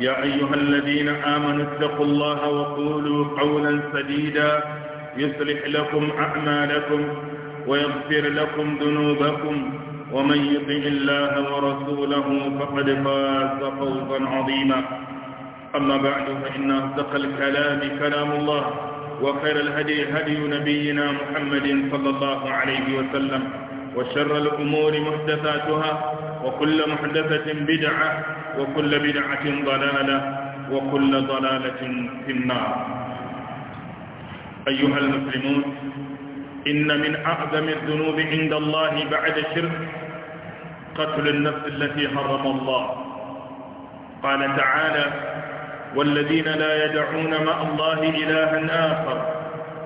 يا أيها الذين آمنوا اتقوا الله وقولوا قولا سديدا يصلح لكم أعمالكم ويغفر لكم ذنوبكم ومن يطع الله ورسوله فقد فاز فوزا عظيما أما بعد فإن أصدق الكلام كلام الله وخير الهدي هدي نبينا محمد صلى الله عليه وسلم وشر الأمور محدثاتها وكل محدثة بدعة وكل بدعة ضلالة وكل ضلالة في النار أيها المسلمون إن من أعظم الذنوب عند الله بعد شرك قتل النفس التي حرم الله قال تعالى والذين لا يدعون مع الله إلها آخر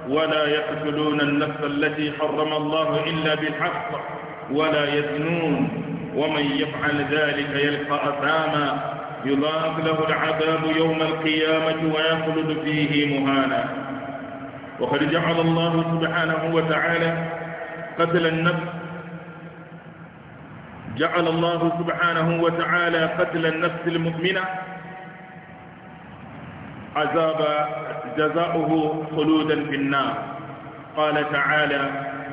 ولا يقتلون النفس التي حرم الله إلا بالحق ولا يزنون ومن يفعل ذلك يلقى أثاما يضاف له العذاب يوم القيامة ويخلد فيه مهانا وقد جعل الله سبحانه وتعالى قتل النفس جعل الله سبحانه وتعالى قتل النفس المؤمنة عذاب جزاؤه خلودا في النار قال تعالى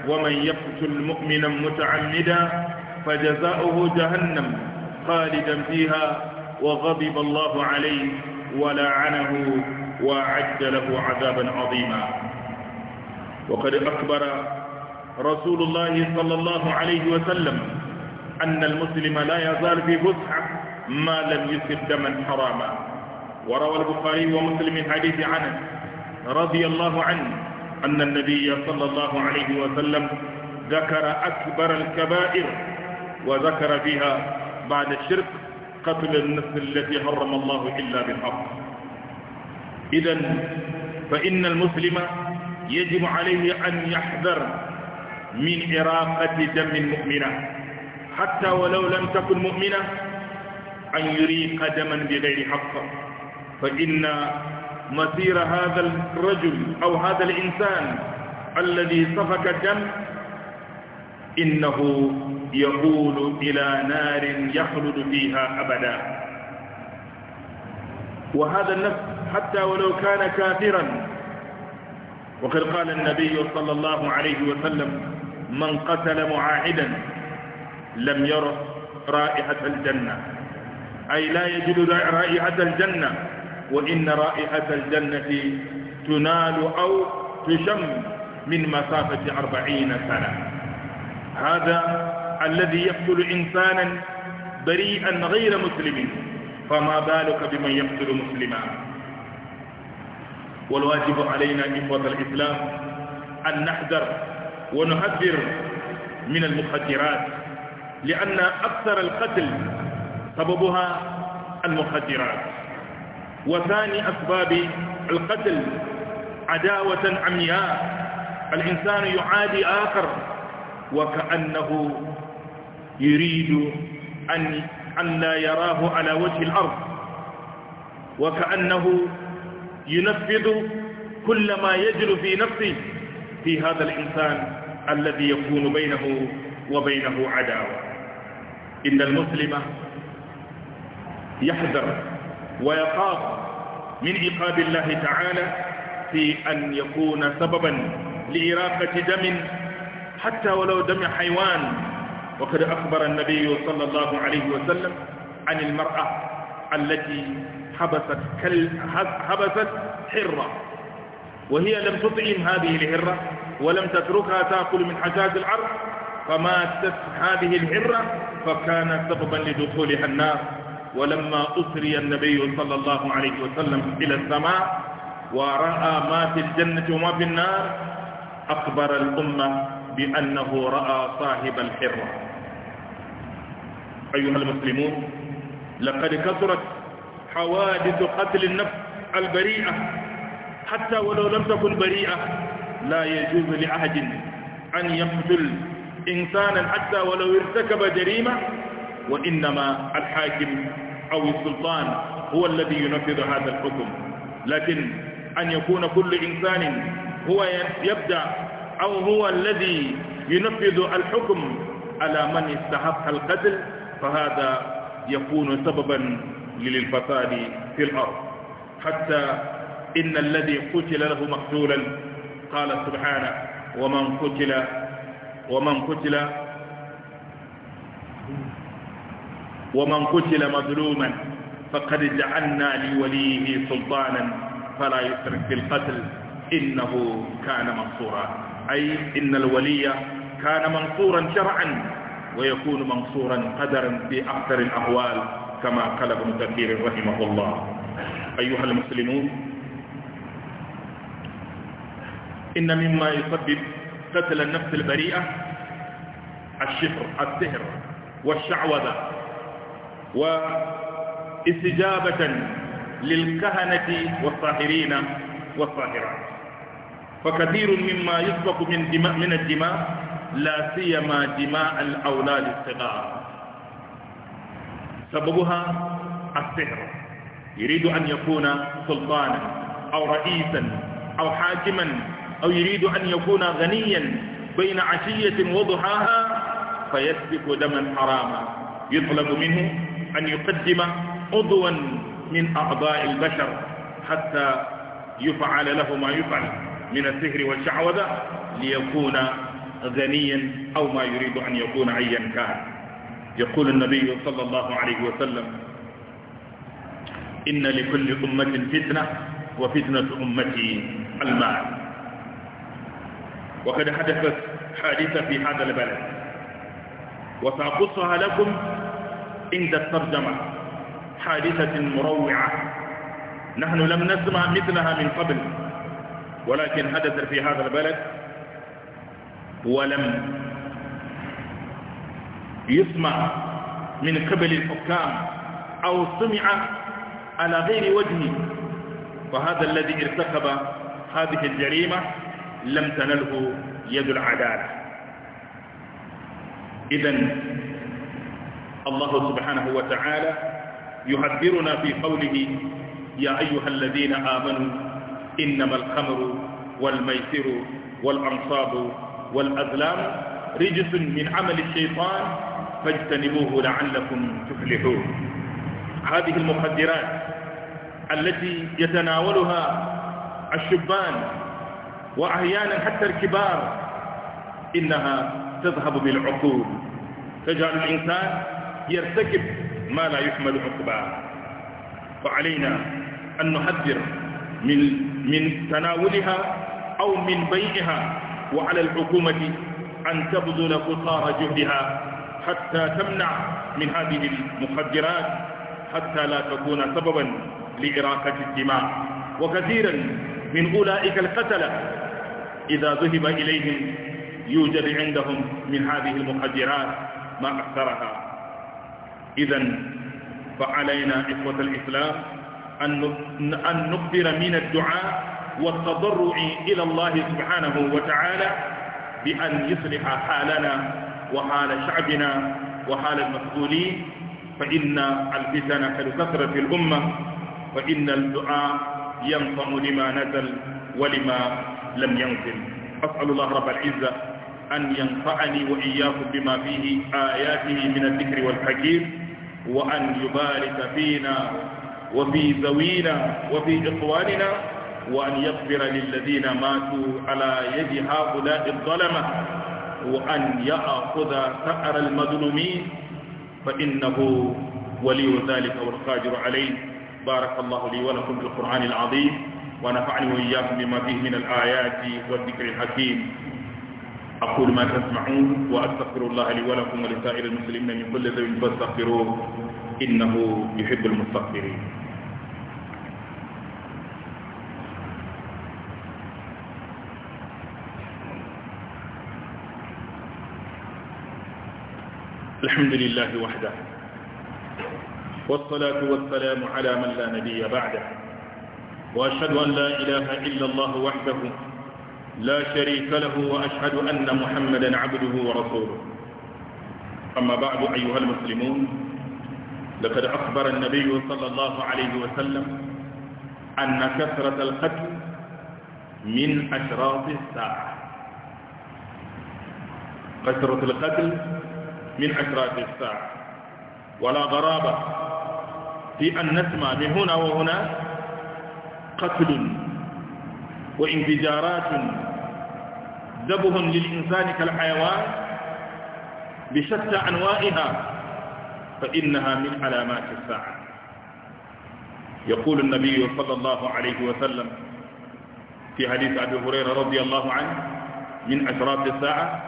ومن يقتل مؤمنا متعمدا فجزاؤه جهنم خالدا فيها وغضب الله عليه ولعنه وأعد له عذابا عظيما وقد أكبر رسول الله صلى الله عليه وسلم أن المسلم لا يزال في فسحة ما لم يسر دما حراما وروى البخاري ومسلم حديث عنه رضي الله عنه أن النبي صلى الله عليه وسلم ذكر أكبر الكبائر وذكر فيها بعد الشرك قتل النفس التي حرم الله إلا بالحق إذا فإن المسلم يجب عليه أن يحذر من إراقة دم مؤمنة حتى ولو لم تكن مؤمنة أن يريق دما بغير حق فإن مصير هذا الرجل أو هذا الإنسان الذي سفك الدم إنه يقول إلى نار يخلد فيها أبدا وهذا النفس حتى ولو كان كافرا وقد قال النبي صلى الله عليه وسلم من قتل معاهدا لم ير رائحة الجنة أي لا يجد رائحة الجنة وإن رائحة الجنة تنال أو تشم من مسافة أربعين سنة هذا الذي يقتل إنسانا بريئا غير مسلم فما بالك بمن يقتل مسلما والواجب علينا إخوة الإسلام أن نحذر ونحذر من المخدرات لأن أكثر القتل سببها المخدرات وثاني أسباب القتل عداوة عمياء الإنسان يعادي آخر وكأنه يريد أن, أن لا يراه على وجه الأرض وكأنه ينفذ كل ما يجل في نفسه في هذا الإنسان الذي يكون بينه وبينه عداوة إن المسلم يحذر ويخاف من عقاب الله تعالى في أن يكون سببا لإراقة دم حتى ولو دم حيوان وقد أخبر النبي صلى الله عليه وسلم عن المرأة التي حبست, كل حبست حرة وهي لم تطعم هذه الحرة ولم تتركها تأكل من حجاج العرض فماتت هذه الحرة فكان سببا لدخولها النار ولما أسري النبي صلى الله عليه وسلم إلى السماء ورأى ما في الجنة وما في النار أخبر الأمة بأنه رأى صاحب الحرة أيها المسلمون لقد كثرت حوادث قتل النفس البريئة حتى ولو لم تكن بريئة لا يجوز لأحد أن يقتل إنسانا حتى ولو ارتكب جريمة وإنما الحاكم أو السلطان هو الذي ينفذ هذا الحكم لكن أن يكون كل إنسان هو يبدأ أو هو الذي ينفذ الحكم على من استحق القتل فهذا يكون سببا للفساد في الأرض حتى إن الذي قتل له مقتولا قال سبحانه ومن قتل ومن قتل ومن قتل مظلوما فقد جعلنا لوليه سلطانا فلا يسرق في القتل إنه كان منصورا أي إن الولي كان منصورا شرعا ويكون منصورا قدرا في أكثر الأحوال كما قال ابن كثير رحمه الله أيها المسلمون إن مما يسبب قتل النفس البريئة الشفر السهر والشعوذة واستجابة للكهنة والصاهرين والصاهرات فكثير مما يسبق من دماء من الدماء لا سيما دماء الأولاد الصغار سببها السحر يريد أن يكون سلطانا أو رئيسا أو حاكما أو يريد أن يكون غنيا بين عشية وضحاها فيسفك دما حراما يطلب منه أن يقدم عضوا من أعضاء البشر حتى يفعل له ما يفعل من السحر والشعوذة ليكون غنيا أو ما يريد أن يكون أيا كان يقول النبي صلى الله عليه وسلم إن لكل أمة فتنة وفتنة أمتي المال وقد حدثت حادثة في هذا البلد وسأقصها لكم عند الترجمة حادثة مروعة نحن لم نسمع مثلها من قبل ولكن حدث في هذا البلد ولم يسمع من قبل الحكام أو سمع على غير وجهه فهذا الذي ارتكب هذه الجريمة لم تنله يد العدالة إذا الله سبحانه وتعالى يحذرنا في قوله يا أيها الذين آمنوا إنما الخمر والميسر والأنصاب والأزلام رجس من عمل الشيطان فاجتنبوه لعلكم تفلحون هذه المخدرات التي يتناولها الشبان وأحيانا حتى الكبار إنها تذهب بالعقول تجعل الإنسان يرتكب ما لا يحمل عقباه فعلينا أن نحذر من من تناولها أو من بيعها وعلى الحكومة أن تبذل قصارى جهدها حتى تمنع من هذه المخدرات حتى لا تكون سببا لإراقة الدماء وكثيرا من أولئك القتلة إذا ذهب إليهم يوجد عندهم من هذه المخدرات ما أكثرها إذا فعلينا إخوة الإسلام أن نقدر من الدعاء والتضرع إلى الله سبحانه وتعالى بأن يصلح حالنا وحال شعبنا وحال المسؤولين فإن الفتن كالكثرة في الأمة فإن الدعاء ينفع لما نزل ولما لم ينزل أسأل الله رب العزة أن ينفعني وإياكم بما فيه آياته من الذكر والحكيم وأن يبارك فينا وفي ذوينا وفي إخواننا وأن يغفر للذين ماتوا على يد هؤلاء الظلمة وأن يأخذ ثأر المظلومين فإنه ولي ذلك والقادر عليه بارك الله لي ولكم في القرآن العظيم ونفعني وإياكم بما فيه من الآيات والذكر الحكيم أقول ما تسمعون وأستغفر الله لي ولكم ولسائر المسلمين من كل ذنب فاستغفروه إنه يحب المستغفرين الحمد لله وحده والصلاة والسلام على من لا نبي بعده وأشهد أن لا إله إلا الله وحده لا شريك له وأشهد أن محمدا عبده ورسوله أما بعد أيها المسلمون لقد أخبر النبي صلى الله عليه وسلم أن كثرة القتل من أشراط الساعة كثرة القتل من أشراف الساعة ولا غرابة في أن نسمع من هنا وهنا قتل وانفجارات ذبه للإنسان كالحيوان بشتى أنواعها فإنها من علامات الساعة يقول النبي صلى الله عليه وسلم في حديث أبي هريرة رضي الله عنه من أشراط الساعة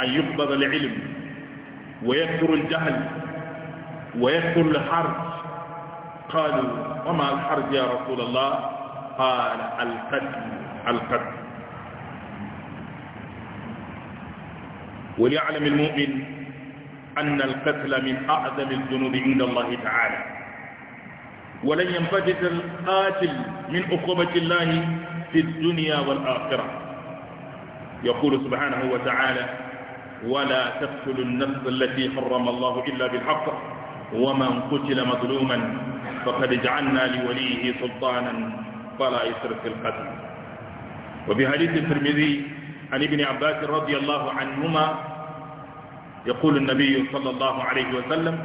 أن يقبض العلم ويكثر الجهل ويكثر الحرج قالوا وما الحرج يا رسول الله قال القتل القتل وليعلم المؤمن أن القتل من أعظم الذنوب عند الله تعالى ولن ينفجر القاتل من عقوبة الله في الدنيا والآخرة يقول سبحانه وتعالى ولا تقتلوا النفس التي حرم الله إلا بالحق ومن قتل مظلوما فقد جعلنا لوليه سلطانا فلا يسرف في القتل وفي حديث الترمذي عن ابن عباس رضي الله عنهما يقول النبي صلى الله عليه وسلم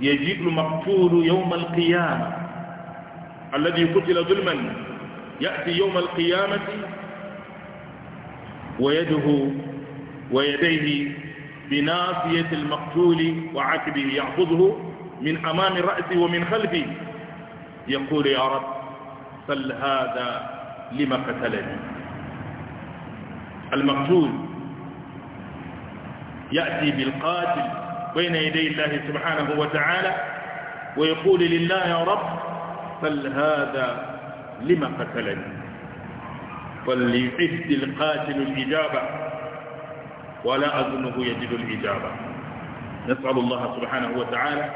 يجيء المقتول يوم القيامة الذي قتل ظلما يأتي يوم القيامة ويده ويديه بنافية المقتول وعكبه يعبده من أمام رأسه ومن خلفه يقول يا رب فل هذا لما قتلني المقتول يأتي بالقاتل بين يدي الله سبحانه وتعالى ويقول لله يا رب فل هذا لما قتلني فليعد القاتل الإجابة ولا أظنه يجد الإجابة نسأل الله سبحانه وتعالى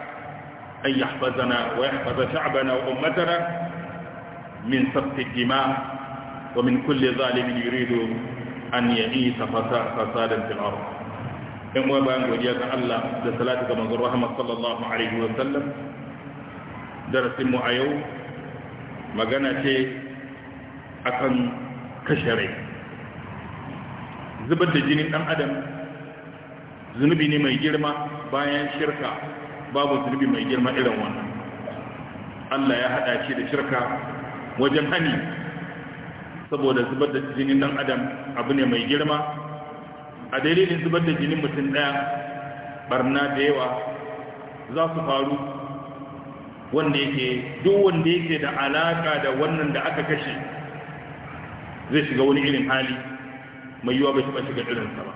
أن يحفظنا ويحفظ شعبنا وأمتنا من سبط الدماء ومن كل ظالم يريد أن يعيش فساد فسادا في الأرض إن وابان وجيزا الله لصلاة من ذرهما صلى الله عليه وسلم درس المعيو مغنى شيء أكن كشري zubar da jinin ɗan adam zunubi ne mai girma bayan shirka babu zunubi mai girma irin wannan Allah ya haɗa shi da shirka wajen hani saboda zubar da jinin ɗan adam abu ne mai girma a dalilin zubar da jinin mutum ɗaya barna da yawa za su faru wanda yake duk wanda yake da alaka da wannan da aka kashe zai shiga wani irin hali mai yiwa bai taɓa shiga irinsa ba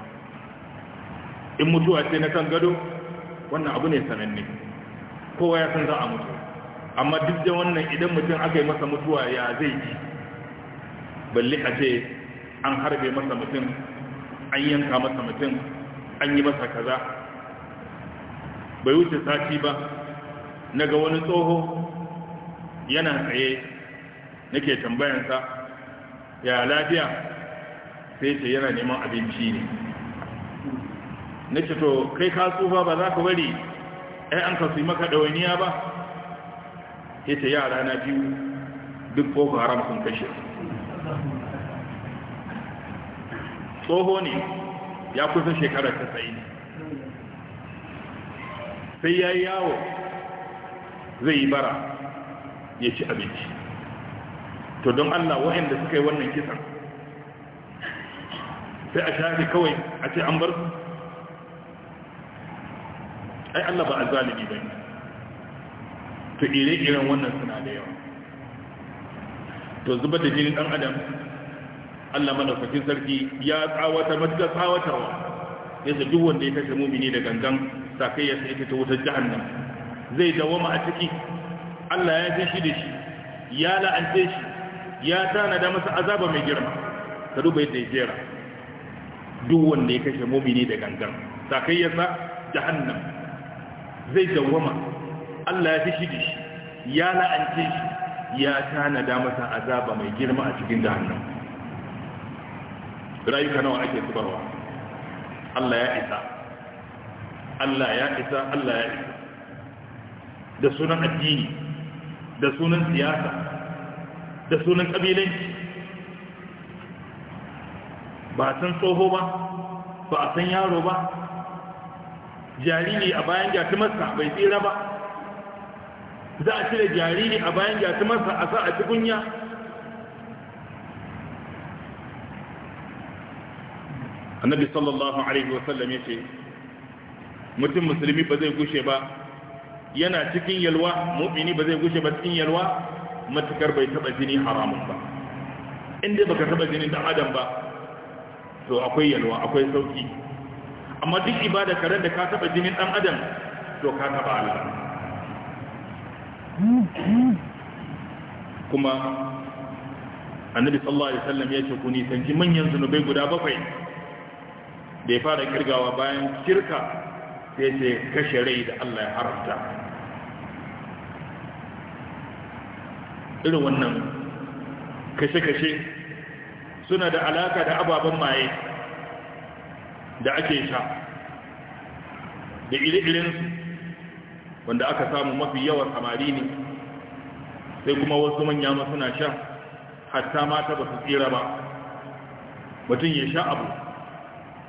in mutuwa ce na kan gado wannan abu ne sananne kowa ya san za a mutu amma duk da wannan idan mutum aka yi masa mutuwa ya zai ji balle a ce an harbe masa mutum an yanka masa mutum an yi masa kaza bai wuce sati ba na ga wani tsoho yana tsaye nake tambayansa ya lafiya sai ce yana neman abinci ne na ce to kai ka tsufa ba za ka bari ai an kasu maka ɗawainiya ba Sai ce yara na biyu duk boko haram sun kashe tsoho ne ya kusa shekarar ta tsaye sai ya yi yawo zai yi bara ya ci abinci to don allah wa'anda suka yi wannan kisan sai a shafi kawai a ce an bar su ai Allah ba a zalibi ba ne to ire-iren wannan suna da yawa to zubar da jinin ɗan adam Allah madaukakin sarki ya tsawatar matuƙar tsawatarwa yadda duk wanda ya kashe mumini da gangan sakai ya sai ta wutar jahannam zai dawama a ciki Allah ya tashi da shi ya la'ance shi ya tana da masa azaba mai girma ka duba yadda ya jera duk wanda ya kashe mumini da gangan sakayyarsa jahannam zai dawwama Allah ya fishi da shi ya la'ance shi ya tanada masa azaba mai girma a cikin jahannam rayuka nawa ake zubarwa Allah ya isa Allah ya isa Allah ya isa da sunan addini da sunan siyasa da sunan kabilanci ba san tsoho ba ba a san yaro ba jariri a bayan jatumarsa bai tsira ba za a cire jariri a bayan jatumarsa a sa a tukunya annabi sallallahu alaihi wasallam ya ce mutum musulmi ba zai gushe ba yana cikin yalwa mu'mini ba zai gushe ba cikin yalwa matukar bai taba jini haramun ba inda baka taba jinin da adam ba to akwai yalwa akwai sauki amma duk ibada karen da ka taba jinin dan adam to ka taba Allah kuma annabi sallallahu alaihi wasallam ya ce ku ni tanki manyan zunubai guda bakwai da ya fara kirgawa bayan kirka sai ce kashe rai da Allah ya haramta irin wannan kashe-kashe suna da alaka da ababen maye da ake sha da ire-iren wanda aka samu mafi yawan samari ne sai kuma wasu manya ma suna sha hatta mata ba su tsira ba mutum ya sha abu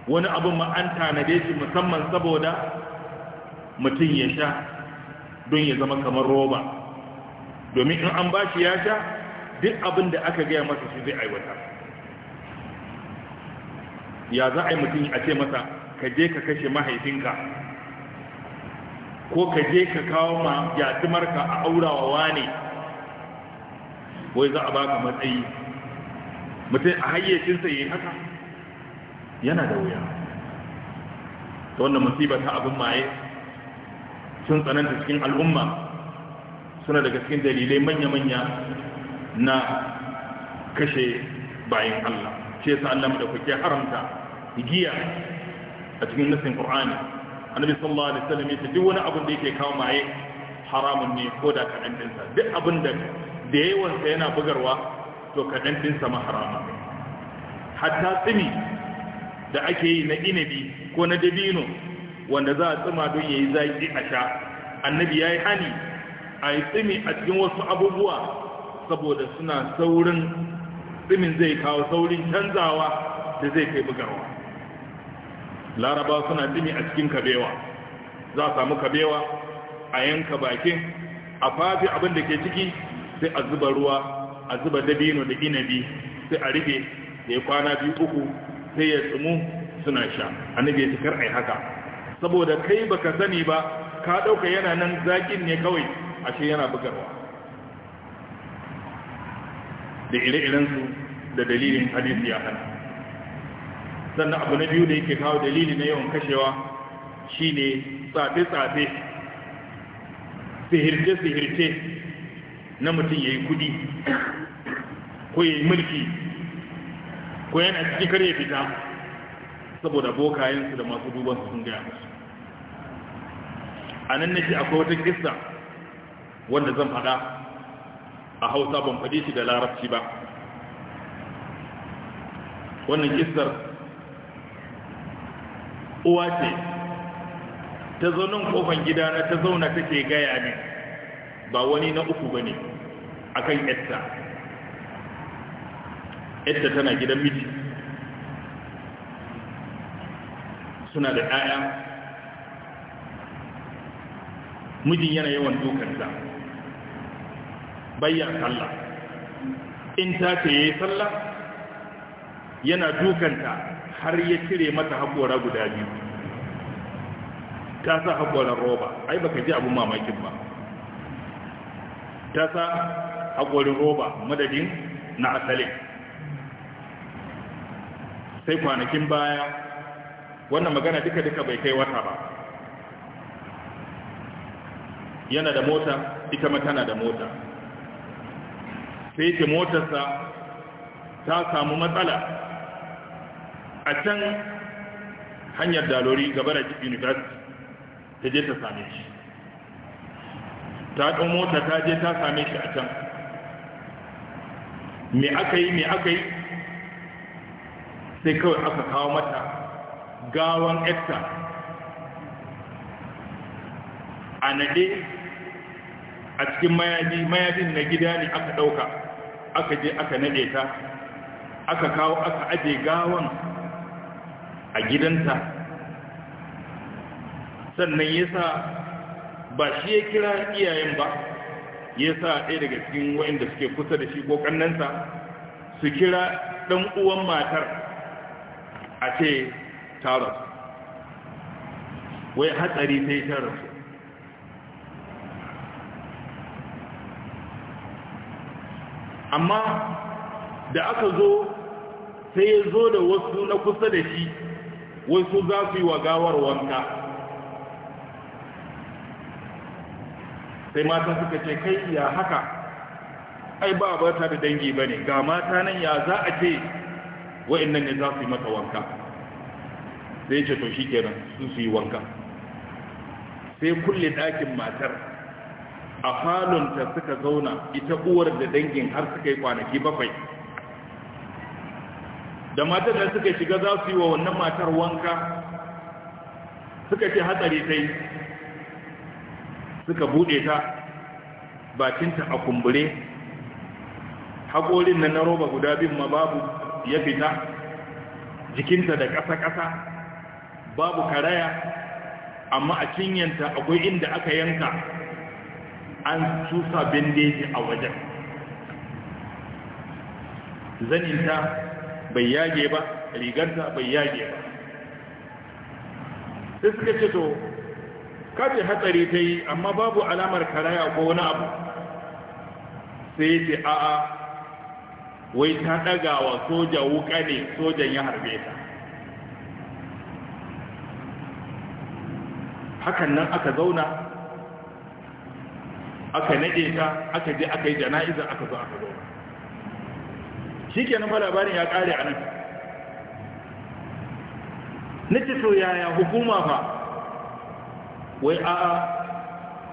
wani abin ma an tanade shi musamman saboda mutum ya sha don ya zama kamar roba domin in an ba shi ya sha duk abin da aka gaya masa shi zai aiwata ya za a yi mutum a ce masa ka je ka kashe mahaifinka ko ka je ka kawo ma yatimarka a aurawa wane wai za a baka matsayi mutum a hayyacinsa yi haka yana da wuya ta wannan masiba ta abin maye sun tsananta cikin al'umma suna daga cikin dalilai manya-manya na kashe bayan Allah ce sa Allah da kuke haramta giya a cikin nasin qur'ani annabi sallallahu alaihi wasallam yace duk wani abin da yake kawo maye haramun ne ko da kadan dinsa duk abin da da yawan sa yana bugarwa to kadan ɗinsa ma harama hatta tsimi da ake yi na inabi ko na dabino wanda za a tsima don yayi zaki a sha annabi yayi hani a yi tsimi a cikin wasu abubuwa saboda suna saurin tsimin zai kawo saurin canzawa da zai kai bugarwa laraba suna jini a cikin kabewa za a samu kabewa a yanka bakin a fafi abin da ke ciki sai a zuba ruwa a zuba dabino da inabi sai a rufe da ya kwana biyu uku sai ya tsumu suna sha annabi ya cikar ai haka saboda kai baka sani ba ka ɗauka yana nan zakin ne kawai ashe yana bugarwa da ire-irensu da dalilin hadisi ya hana sannan abu na biyu da yake kawo dalili na yawan kashewa shine tsafe-tsafe sihirce-sihirce na mutum ya yi kudi ko ya yi mulki ko yana cikin ya fita saboda bokayensu da masu dubansu sun gaya masu a nan nake akwai wata kista wanda zan fada a hausa ban faɗi shi da larabci ba wannan kistar uwa ce ta zo nan kofan gidana ta zauna take gaya ne ba wani na uku ba ne a kan etta etta tana gidan miji suna da 'ya'ya mijin yana yawan ta. Bayyan sallah in ta ce ya yi sallah yana dukanta har ya cire mata haƙora guda biyu ta sa haƙoran roba ai baka ji abun mamakin ba ta sa haƙorin roba madadin na asalin sai kwanakin baya wannan magana duka-duka bai kai wata ba yana da mota ita ma tana da mota sai ke motarsa ta samu matsala a can hanyar dalori gaba da university ta je ta same shi ta ɗan mota ta je ta same shi a can me aka yi me aka yi sai kawai aka kawo mata gawan ekta a naɗe a cikin mayadi, mayadin na gida ne aka ɗauka aka je aka naɗe ta aka kawo aka aje gawan a gidanta sannan ya sa ba shi ya kira iyayen ba ya sa ɗaya daga cikin wa'inda suke kusa da shi ko ƙannansa su kira ɗan uwan matar a ce taron wai hatsari sai ta rasu amma da aka zo sai ya zo da wasu na kusa da shi wai su za su yi wa gawar wanka sai mata suka ce kai ya haka ai ba ba ta da dangi ba ne ga mata nan ya za a ce nan ne za su yi mata wanka sai ce to shi kenan su su yi wanka sai kulle ɗakin matar a falonta suka zauna ita uwar da dangin har suka yi kwanaki bakwai da matar da suka shiga za su yi wa wannan matar wanka suka ce hatsari ta yi suka buɗe ta bakinta a kumbure Hakorin na na roba guda bin ma babu ya fita jikinta da ƙasa-ƙasa babu karaya amma a cinyanta akwai inda aka yanka an cusa bandeji a wajen zaninta bai yage ba rigarsa bai yage ba sai suka ce to kace hatsari ta yi amma babu alamar karaya ko wani abu sai ya ce a'a wai ta daga wa soja wuka ne sojan ya harbe ta hakan nan aka zauna aka nade ta aka je aka yi jana'iza aka zo aka zauna shikenan fa labarin ya kare a nan nace to yaya hukuma fa wai a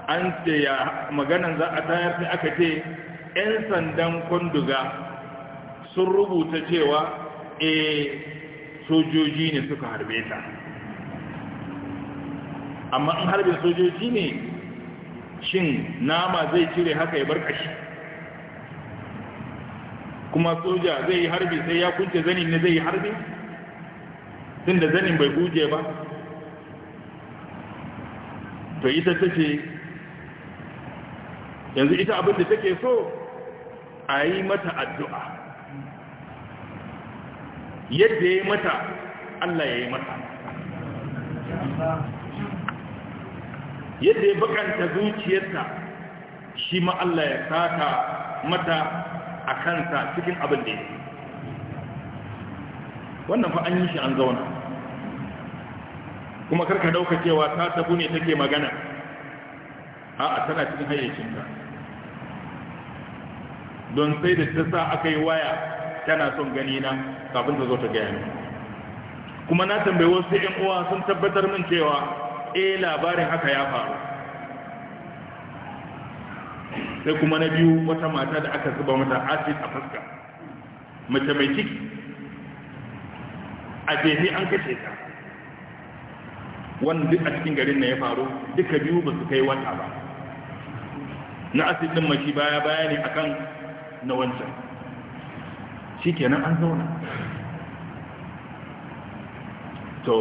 an ce ya maganan za a tayar sai aka ce 'yan sandan kwanduga sun rubuta cewa e sojoji ne suka harbe ta amma in harbe sojoji ne shin nama zai cire haka ya bar kashi kuma soja zai yi harbi sai ya kunce zanin ne zai yi harbi tun da zanin bai guje ba to ita ta ce yanzu ita abin da take so a yi mata addu'a yadda ya yi mata Allah ya yi mata yadda ya bakanta zuciyarta shi ma Allah ya sata mata a kansa cikin abin da yake wannan fa an yi shi an zauna kuma karka dauka cewa ta tabu ne take magana a tana cikin hayyacinta don sai da ta sa aka yi waya tana son gani na kafin ta zo ta gaya min kuma na tambayi wasu yan uwa sun tabbatar min cewa eh labarin haka ya faru sai kuma na biyu wata mata da aka zuba mata acid a fuska mace mai ciki a jefe an kashe ta wannan duk a cikin garin na ya faru duka biyu ba su kai wata ba na acid din mashi baya baya ne akan na wancan shi kenan an zauna to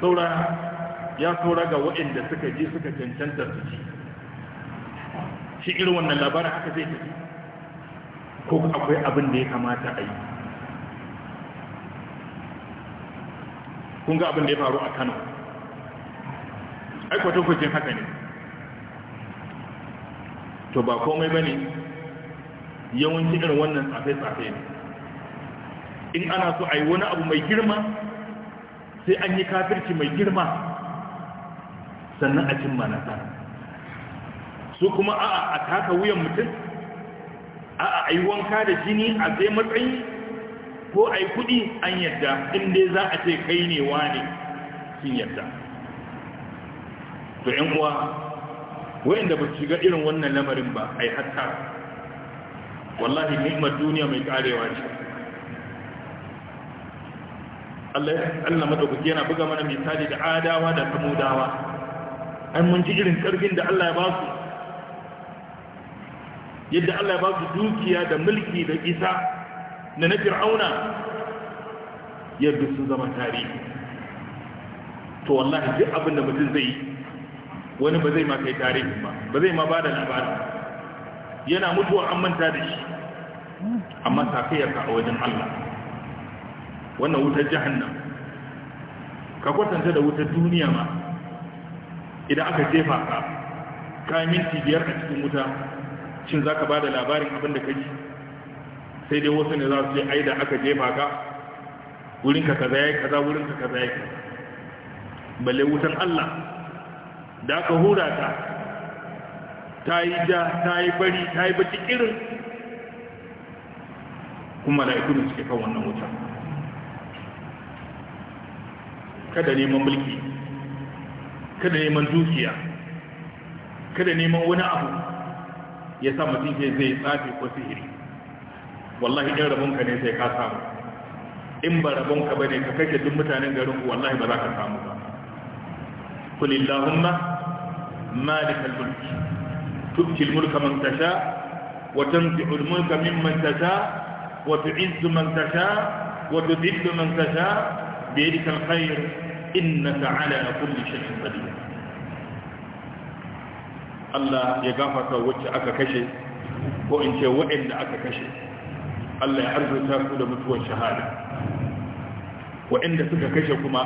saura ya tura ga waɗanda suka je suka cancanta su ci. shi irin wannan labarin haka zai tafi ko akwai abin da ya kamata a yi kun ga abin da ya faru a kano aikwatin kucin haka ne to ba komai ba ne yawanci irin wannan tsafe-tsafe ne in ana so a yi wani abu mai girma sai an yi kafirci mai girma sannan a cimma nasara su kuma a'a a taka wuyan mutum a'a a yi wanka da jini a sai matsayi ko a yi kudi an yadda inda za a ce kai ne wane sun yadda to yan uwa wayanda ba shiga irin wannan lamarin ba ai hatta wallahi ni'imar duniya mai karewa ce Allah Allah madaukaki yana buga mana misali da adawa da samudawa An mun ji irin karfin da Allah ya ba su yadda Allah ya ba su dukiya da mulki da isa da na fir'auna yadda sun zama tarihi to wallahi duk abin da mutum zai yi wani ba zai ma kai tarihi ba ba zai ma ba da labari yana mutuwa an manta da shi amma safiyarka a wajen Allah wannan wutar jahannan. ka kwatanta da wutar duniya ma idan aka jefa ka ka minti biyar a cikin wuta shin za ka ba da labarin abin da ka sai dai wasu ne za su ce ai da aka jefa ka ka kaza ya kaza wurin ka kaza ya kaza balle wutan Allah da aka hura ta ta yi ja ta yi bari ta yi baki irin kuma da ikunin suke kan wannan wutan kada neman mulki kada neman dukiya kada neman wani abu ya sa mutum ke zai tsafi ko sihiri wallahi in rabonka ne sai ka samu in ba rabonka ba ne ka kake duk mutanen garin wallahi ba za ka samu ba kulillahumma malikal mulki تؤتي الملك من تشاء وتنزع الملك ممن تشاء وتعز من تشاء وتذل من تشاء بيدك الخير innaka ala kulli shay'in qadir Allah ya gafarta wacce aka kashe ko in ce waɗanda aka kashe Allah ya arzuta ku da mutuwar shahada waɗanda suka kashe kuma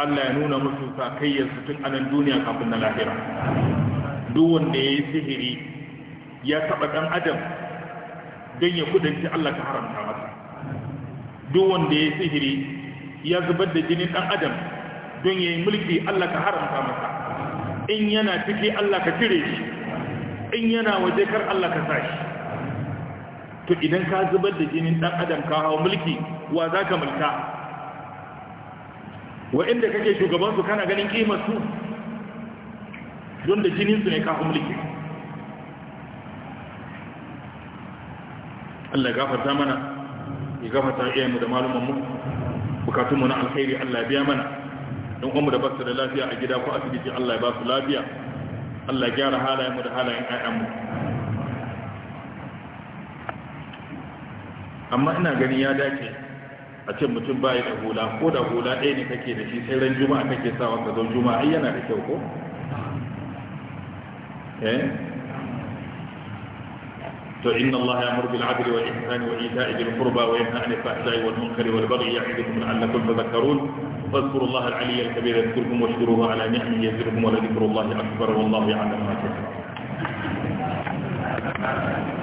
Allah ya nuna musu sakayyar su tun anan duniya kafin na lahira duk wanda ya yi sihiri ya taɓa ɗan adam don ya kudanci Allah ka haramta masa duk wanda ya yi sihiri ya zubar da jinin ɗan adam don ya yi mulki Allah ka haramta masa in yana ciki Allah ka cire shi in yana waje kar Allah ka sa shi to idan ka zubar da jinin ɗan adam ka hau mulki wa za ka mulka wa inda kake shugabansu kana ganin ƙimarsu don da jininsu ne ka hau mulki Allah gafarta mana ya gafarta iyayenmu da malumanmu bukatunmu na alkhairi Allah biya mana don kuma da ba su da lafiya a gida ko asibiti Allah ya ba su lafiya Allah ya gyara halayen mu da halayen ayyan mu amma ina ganin ya dace a ce mutum bai da hula ko da hula ɗaya ne kake da shi sai ran juma'a kake sawa ka zo juma'a ai yana da kyau ko eh to inna allaha ya'muru bil 'adli wal ihsani wa ita'i dhil qurba wa yanha 'anil fahsha'i wal munkari wal baghi ya'idukum la'allakum tadhakkarun فاذكروا الله العلي الكبير يذكركم واشكروه على نعمه يزدكم ولذكر الله أكبر والله يعلم ما تفعلون